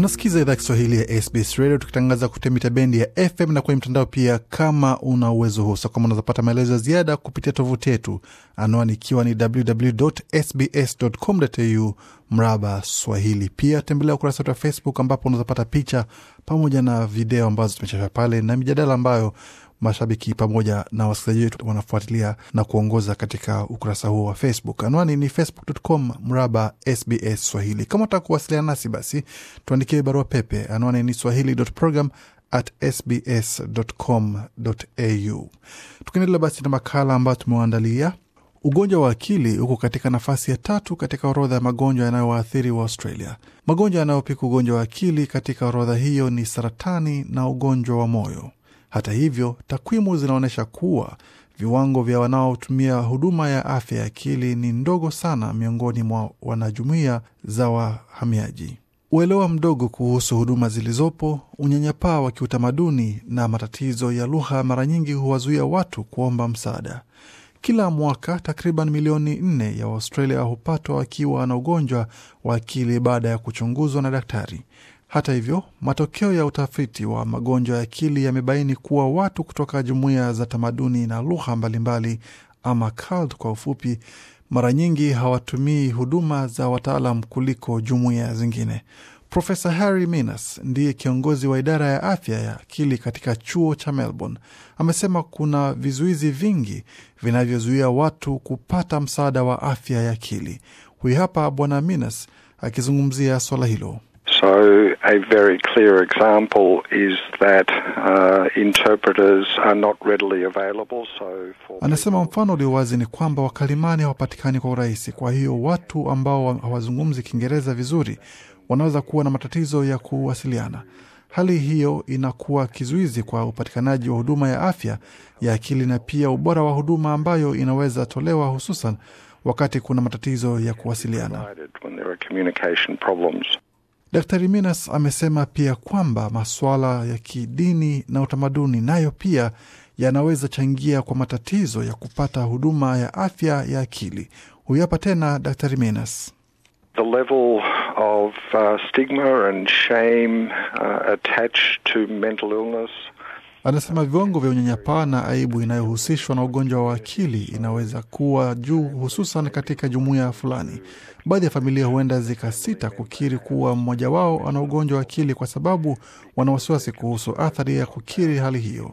Unasikiza idhaa Kiswahili ya SBS Radio tukitangaza kupitia mita bendi ya FM na kwenye mtandao pia, kama una uwezo huo. sakama kama unazapata maelezo ya ziada kupitia tovuti yetu, anwani ikiwa ni www.sbs.com.au mraba Swahili. Pia tembelea ukurasa wetu wa Facebook ambapo unazapata picha pamoja na video ambazo tumechapisha pale na mijadala ambayo mashabiki pamoja na wasikilizaji wetu wanafuatilia na kuongoza katika ukurasa huo wa Facebook. Anwani ni facebook.com mraba SBS Swahili. Kama utaka kuwasiliana nasi, basi tuandikie barua pepe. Anwani ni swahili.program at sbs.com.au. Tukiendelea basi na makala ambayo tumewaandalia Ugonjwa wa akili uko katika nafasi ya tatu katika orodha ya magonjwa yanayowaathiri wa Australia. Magonjwa yanayopika ugonjwa wa akili katika orodha hiyo ni saratani na ugonjwa wa moyo. Hata hivyo, takwimu zinaonyesha kuwa viwango vya wanaotumia huduma ya afya ya akili ni ndogo sana miongoni mwa wanajumuia za wahamiaji. Uelewa mdogo kuhusu huduma zilizopo, unyanyapaa wa kiutamaduni na matatizo ya lugha mara nyingi huwazuia watu kuomba msaada. Kila mwaka takriban milioni nne ya Waustralia hupatwa wakiwa na ugonjwa wa akili baada ya kuchunguzwa na daktari. Hata hivyo, matokeo ya utafiti wa magonjwa ya akili yamebaini kuwa watu kutoka jumuiya za tamaduni na lugha mbalimbali ama CALD kwa ufupi, mara nyingi hawatumii huduma za wataalam kuliko jumuiya zingine. Profesa Harry Minas ndiye kiongozi wa idara ya afya ya akili katika chuo cha Melbourne. Amesema kuna vizuizi vingi vinavyozuia watu kupata msaada wa afya ya akili. Huyu hapa Bwana Minas akizungumzia swala hilo. So, a very clear example is that uh, interpreters are not readily available. So for... Anasema mfano ulio wazi ni kwamba wakalimani hawapatikani kwa urahisi. Kwa hiyo watu ambao hawazungumzi Kiingereza vizuri wanaweza kuwa na matatizo ya kuwasiliana. Hali hiyo inakuwa kizuizi kwa upatikanaji wa huduma ya afya ya akili na pia ubora wa huduma ambayo inaweza tolewa hususan wakati kuna matatizo ya kuwasiliana. Daktari Minas amesema pia kwamba masuala ya kidini na utamaduni nayo pia yanaweza changia kwa matatizo ya kupata huduma ya afya ya akili. Huyu hapa tena Daktari Minas. The level of, uh, stigma and shame, uh, attached to mental illness Anasema viwango vya unyanyapaa na aibu inayohusishwa na ugonjwa wa akili inaweza kuwa juu, hususan katika jumuiya fulani. Baadhi ya familia huenda zikasita kukiri kuwa mmoja wao ana ugonjwa wa akili kwa sababu wana wasiwasi kuhusu athari ya kukiri hali hiyo.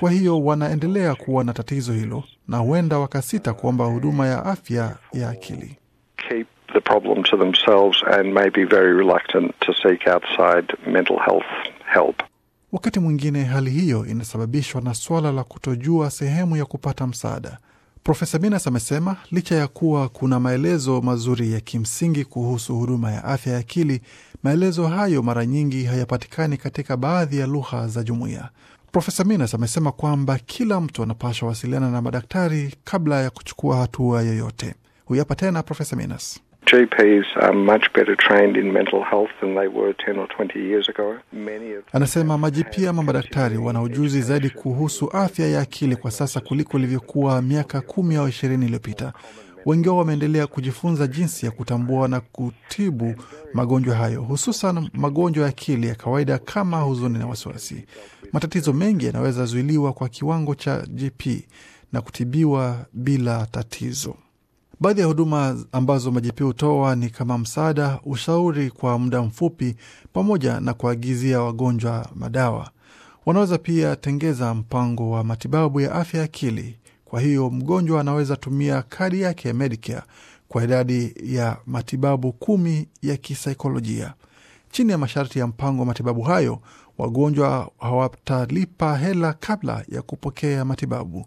Kwa hiyo wanaendelea kuwa na tatizo hilo na huenda wakasita kuomba huduma ya afya ya akili. Keep the problem to themselves and may be very reluctant to seek outside mental health help. Wakati mwingine hali hiyo inasababishwa na swala la kutojua sehemu ya kupata msaada. Profesa Minas amesema licha ya kuwa kuna maelezo mazuri ya kimsingi kuhusu huduma ya afya ya akili, maelezo hayo mara nyingi hayapatikani katika baadhi ya lugha za jumuiya. Profesa Minas amesema kwamba kila mtu anapasha wasiliana na madaktari kabla ya kuchukua hatua yoyote. Huyu hapa tena Profesa Minas. Anasema majipia ama madaktari wana ujuzi zaidi kuhusu afya ya akili kwa sasa kuliko ilivyokuwa miaka kumi au ishirini iliyopita. Wengi wao wameendelea kujifunza jinsi ya kutambua na kutibu magonjwa hayo, hususan magonjwa ya akili ya kawaida kama huzuni na wasiwasi. Matatizo mengi yanaweza zuiliwa kwa kiwango cha GP na kutibiwa bila tatizo. Baadhi ya huduma ambazo majipi hutoa ni kama msaada, ushauri kwa muda mfupi, pamoja na kuagizia wagonjwa madawa. Wanaweza pia tengeza mpango wa matibabu ya afya ya akili. Kwa hiyo mgonjwa anaweza tumia kadi yake ya Medicare kwa idadi ya matibabu kumi ya kisaikolojia. Chini ya masharti ya mpango wa matibabu hayo, wagonjwa hawatalipa hela kabla ya kupokea matibabu.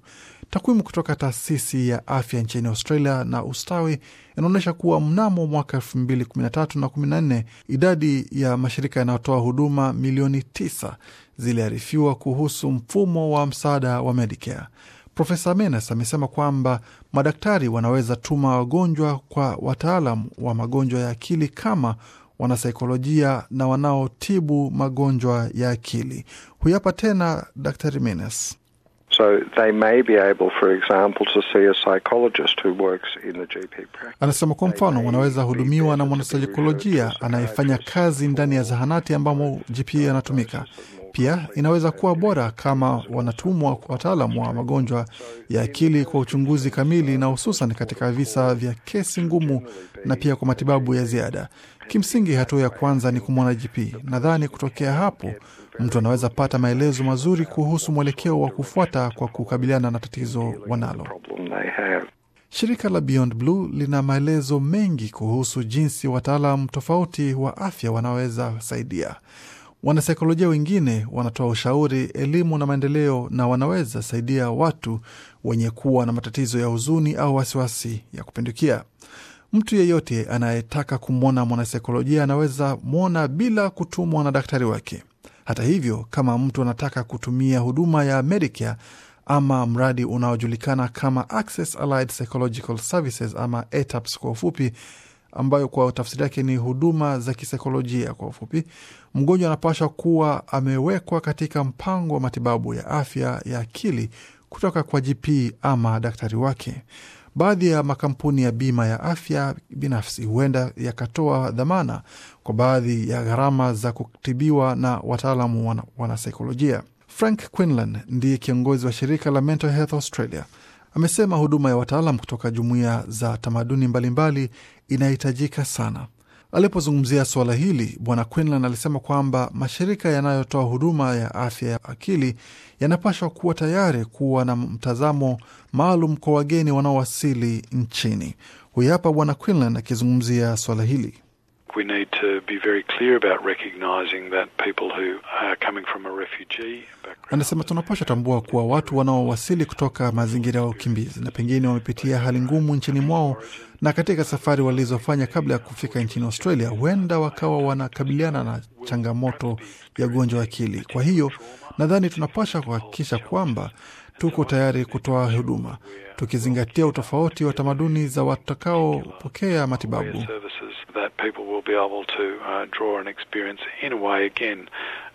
Takwimu kutoka taasisi ya afya nchini Australia na ustawi inaonyesha kuwa mnamo mwaka 2013 na 14 idadi ya mashirika yanayotoa huduma milioni 9 ziliarifiwa kuhusu mfumo wa msaada wa Medicare. Profesa Menas amesema kwamba madaktari wanaweza tuma wagonjwa kwa wataalam wa magonjwa ya akili kama wanasaikolojia na wanaotibu magonjwa ya akili. Huyapa tena Daktari Menas. So they may be able, for example, to see a psychologist who works in the GP practice. Anasema kwa mfano wanaweza hudumiwa na mwanasaikolojia anayefanya kazi ndani ya zahanati ambamo GP anatumika. Pia inaweza kuwa bora kama wanatumwa kwa wataalamu wa magonjwa ya akili kwa uchunguzi kamili na hususan katika visa vya kesi ngumu na pia kwa matibabu ya ziada. Kimsingi, hatua ya kwanza ni kumwona GP. Nadhani kutokea hapo mtu anaweza pata maelezo mazuri kuhusu mwelekeo wa kufuata kwa kukabiliana na tatizo wanalo. Shirika la Beyond Blue lina maelezo mengi kuhusu jinsi wataalam tofauti wa afya wanaweza saidia. Wanasaikolojia wengine wanatoa ushauri, elimu na maendeleo, na wanaweza saidia watu wenye kuwa na matatizo ya huzuni au wasiwasi ya kupindukia. Mtu yeyote anayetaka kumwona mwanasaikolojia anaweza mwona bila kutumwa na daktari wake. Hata hivyo, kama mtu anataka kutumia huduma ya Medicare ama mradi unaojulikana kama Access Allied Psychological Services ama ETAPS kwa ufupi, ambayo kwa tafsiri yake ni huduma za kisaikolojia kwa ufupi, mgonjwa anapaswa kuwa amewekwa katika mpango wa matibabu ya afya ya akili kutoka kwa GP ama daktari wake baadhi ya makampuni ya bima ya afya binafsi huenda yakatoa dhamana kwa baadhi ya gharama za kutibiwa na wataalamu wana, Frank Quinlan ndiye kiongozi wa shirika la Mental Health Australia amesema huduma ya wataalam kutoka jumuiya za tamaduni mbalimbali inahitajika sana. Alipozungumzia suala hili, Bwana Quinlan alisema kwamba mashirika yanayotoa huduma ya afya ya akili yanapaswa kuwa tayari kuwa na mtazamo maalum kwa wageni wanaowasili nchini. Huyu hapa Bwana Quinlan akizungumzia suala hili we need to be very clear about recognizing that people who are coming from a refugee background. Anasema tunapaswa tambua kuwa watu wanaowasili kutoka mazingira ya ukimbizi na pengine wamepitia hali ngumu nchini mwao na katika safari walizofanya kabla ya kufika nchini Australia, huenda wakawa wanakabiliana na changamoto ya ugonjwa wa akili. Kwa hiyo nadhani tunapaswa kuhakikisha kwamba tuko tayari kutoa huduma tukizingatia utofauti wa tamaduni za watakaopokea matibabu that people will be able to uh, draw and experience in a way, again,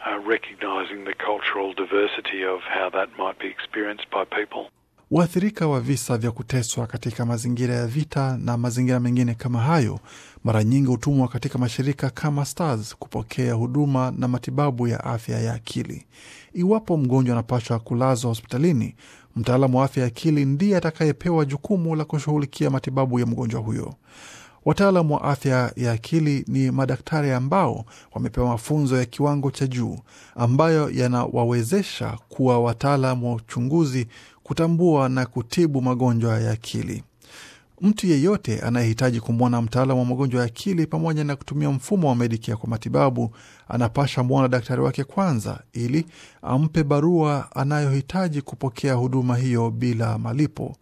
uh, recognising the cultural diversity of how that might be experienced by people. Waathirika wa visa vya kuteswa katika mazingira ya vita na mazingira mengine kama hayo mara nyingi hutumwa katika mashirika kama STARS kupokea huduma na matibabu ya afya ya akili. Iwapo mgonjwa anapaswa kulazwa hospitalini, mtaalamu wa afya ya akili ndiye atakayepewa jukumu la kushughulikia matibabu ya mgonjwa huyo. Wataalam wa afya ya akili ni madaktari ambao wamepewa mafunzo ya kiwango cha juu ambayo yanawawezesha kuwa wataalam wa uchunguzi, kutambua na kutibu magonjwa ya akili. Mtu yeyote anayehitaji kumwona mtaalamu wa magonjwa ya akili pamoja na kutumia mfumo wa Medicare kwa matibabu anapasha mwona daktari wake kwanza, ili ampe barua anayohitaji kupokea huduma hiyo bila malipo.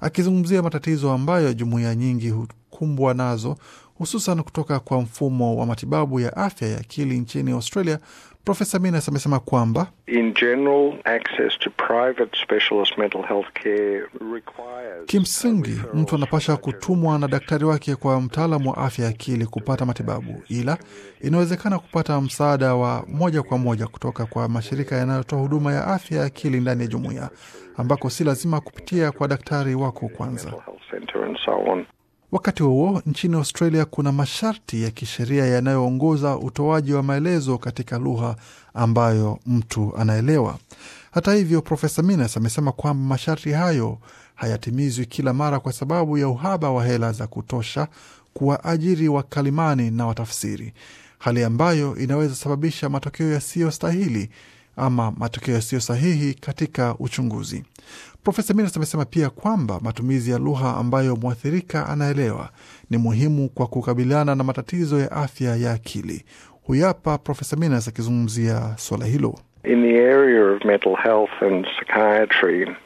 Akizungumzia matatizo ambayo jumuiya nyingi wanakumbwa nazo, hususan kutoka kwa mfumo wa matibabu ya afya ya akili nchini Australia. Profesa Minas amesema kwamba kimsingi mtu anapasha kutumwa na daktari wake kwa mtaalamu wa afya ya akili kupata matibabu, ila inawezekana kupata msaada wa moja kwa moja kutoka kwa mashirika yanayotoa huduma ya afya ya akili ndani ya jumuiya, ambako si lazima kupitia kwa daktari wako kwanza. Wakati huo nchini Australia kuna masharti ya kisheria yanayoongoza utoaji wa maelezo katika lugha ambayo mtu anaelewa. Hata hivyo, Profesa Minas amesema kwamba masharti hayo hayatimizwi kila mara kwa sababu ya uhaba wa hela za kutosha kuwaajiri wakalimani na watafsiri, hali ambayo inaweza sababisha matokeo yasiyostahili ama matokeo yasiyo sahihi katika uchunguzi. Profesa Miras amesema pia kwamba matumizi ya lugha ambayo mwathirika anaelewa ni muhimu kwa kukabiliana na matatizo ya afya ya akili. Huyu hapa Profesa Minas akizungumzia swala hilo. In the area of mental health and psychiatry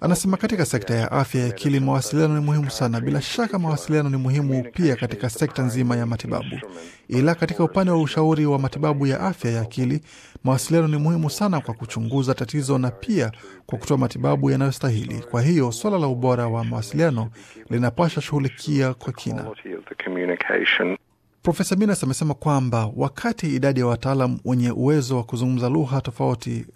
Anasema katika sekta ya afya ya akili mawasiliano ni muhimu sana. Bila shaka mawasiliano ni muhimu pia katika sekta nzima ya matibabu, ila katika upande wa ushauri wa matibabu ya afya ya akili mawasiliano ni muhimu sana kwa kuchunguza tatizo na pia kwa kutoa matibabu yanayostahili. Kwa hiyo suala la ubora wa mawasiliano linapasha shughulikia kwa kina. Profesa Minas amesema kwamba wakati idadi ya wataalam wenye uwezo wa kuzungumza lugha tofauti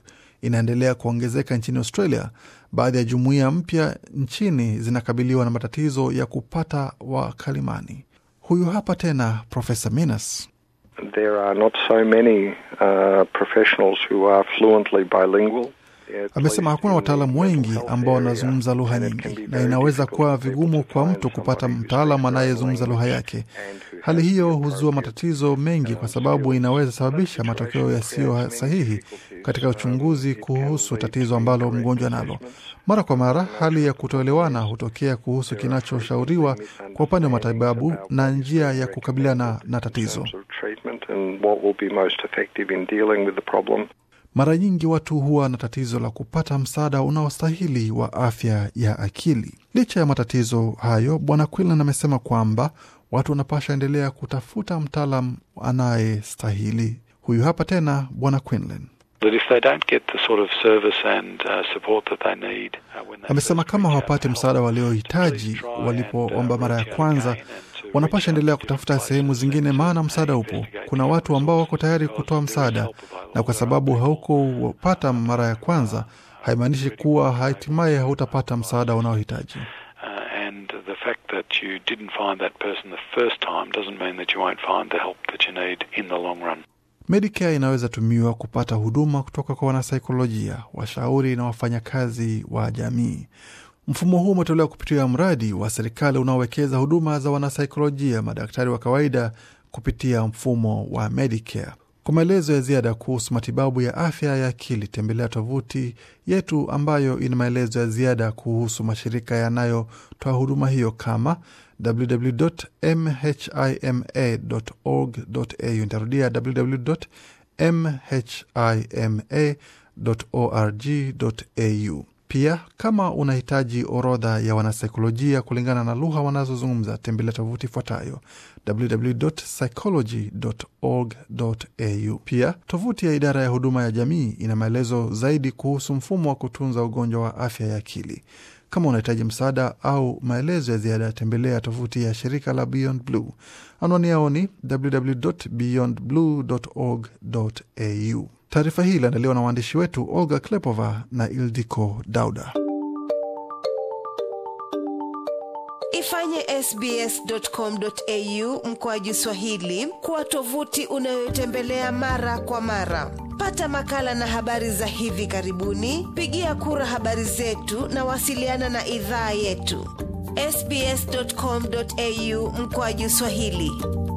inaendelea kuongezeka nchini Australia, baadhi ya jumuiya mpya nchini zinakabiliwa na matatizo ya kupata wakalimani. Huyu hapa tena Profesa Minas. Uh, Amesema hakuna wataalamu wengi ambao wanazungumza lugha nyingi, na inaweza kuwa vigumu kwa mtu kupata mtaalam anayezungumza lugha yake. Hali hiyo huzua matatizo mengi, kwa sababu inaweza sababisha matokeo yasiyo sahihi katika uchunguzi kuhusu tatizo ambalo mgonjwa nalo. Mara kwa mara, hali ya kutoelewana hutokea kuhusu kinachoshauriwa kwa upande wa matibabu na njia ya kukabiliana na tatizo. Mara nyingi watu huwa na tatizo la kupata msaada unaostahili wa afya ya akili. Licha ya matatizo hayo, Bwana Quinlan amesema kwamba watu wanapasha endelea kutafuta mtaalam anayestahili. Huyu hapa tena Bwana Quinlan. Amesema kama hawapati msaada waliohitaji walipoomba uh, mara ya kwanza, wanapasha endelea kutafuta sehemu zingine, maana msaada upo. Kuna watu ambao wako tayari kutoa msaada, na kwa sababu haukupata mara ya kwanza, uh, haimaanishi kuwa hatimaye hautapata msaada unaohitaji. Uh, Medicare inaweza tumiwa kupata huduma kutoka kwa wanasaikolojia, washauri na wafanyakazi wa jamii. Mfumo huu umetolewa kupitia mradi wa serikali unaowekeza huduma za wanasaikolojia, madaktari wa kawaida kupitia mfumo wa Medicare. Kwa maelezo ya ziada kuhusu matibabu ya afya ya akili tembelea tovuti yetu ambayo ina maelezo ya ziada kuhusu mashirika yanayotoa huduma hiyo kama www.mhima.org.au. Nitarudia www.mhima.org.au. Pia kama unahitaji orodha ya wanasaikolojia kulingana na lugha wanazozungumza, tembelea tovuti ifuatayo www.psychology.org.au. Pia tovuti ya idara ya huduma ya jamii ina maelezo zaidi kuhusu mfumo wa kutunza ugonjwa wa afya ya akili. Kama unahitaji msaada au maelezo ya ziada, tembelea tovuti ya shirika la Beyond Blue. Anwani yao ni www.beyondblue.org.au. Taarifa hii iliandaliwa na waandishi wetu Olga Klepova na Ildiko Dauda. Ifanye sbs.com.au mkoaji Swahili kuwa tovuti unayotembelea mara kwa mara. Pata makala na habari za hivi karibuni, pigia kura habari zetu na wasiliana na idhaa yetu sbs.com.au mkoaji Swahili.